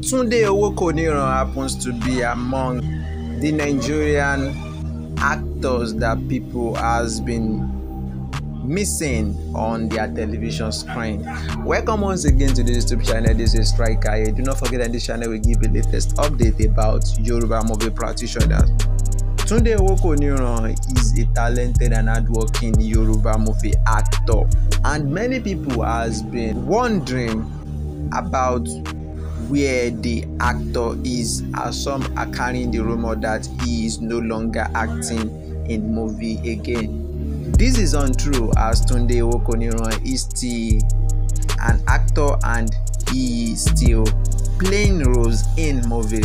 Tunde Owokoniran happens to be among the Nigerian actors that people has been missing on their television screen. Welcome once again to the YouTube channel. This is Striker. Do not forget that this channel will give you the latest update about Yoruba movie practitioners. Tunde Owokoniran is a talented and hardworking Yoruba movie actor, and many people has been wondering about where the actor is, as some are carrying the rumor that he is no longer acting in movie again. This is untrue as Tunde Okoniran is still an actor and he is still playing roles in movie.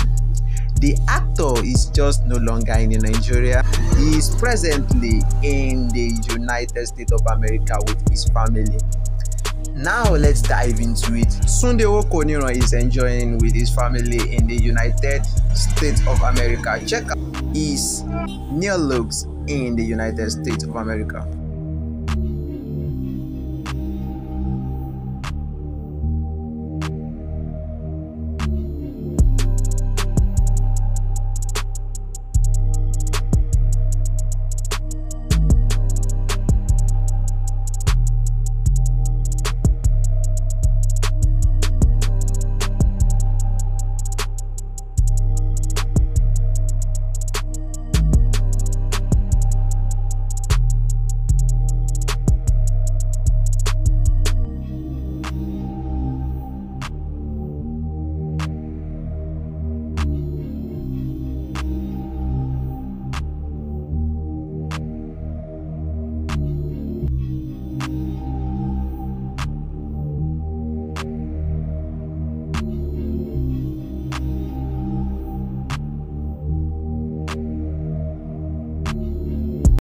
The actor is just no longer in Nigeria. He is presently in the United States of America with his family. Now let's dive into it. Sunday Okoniran is enjoying with his family in the United States of America. Check out his new looks in the United States of America.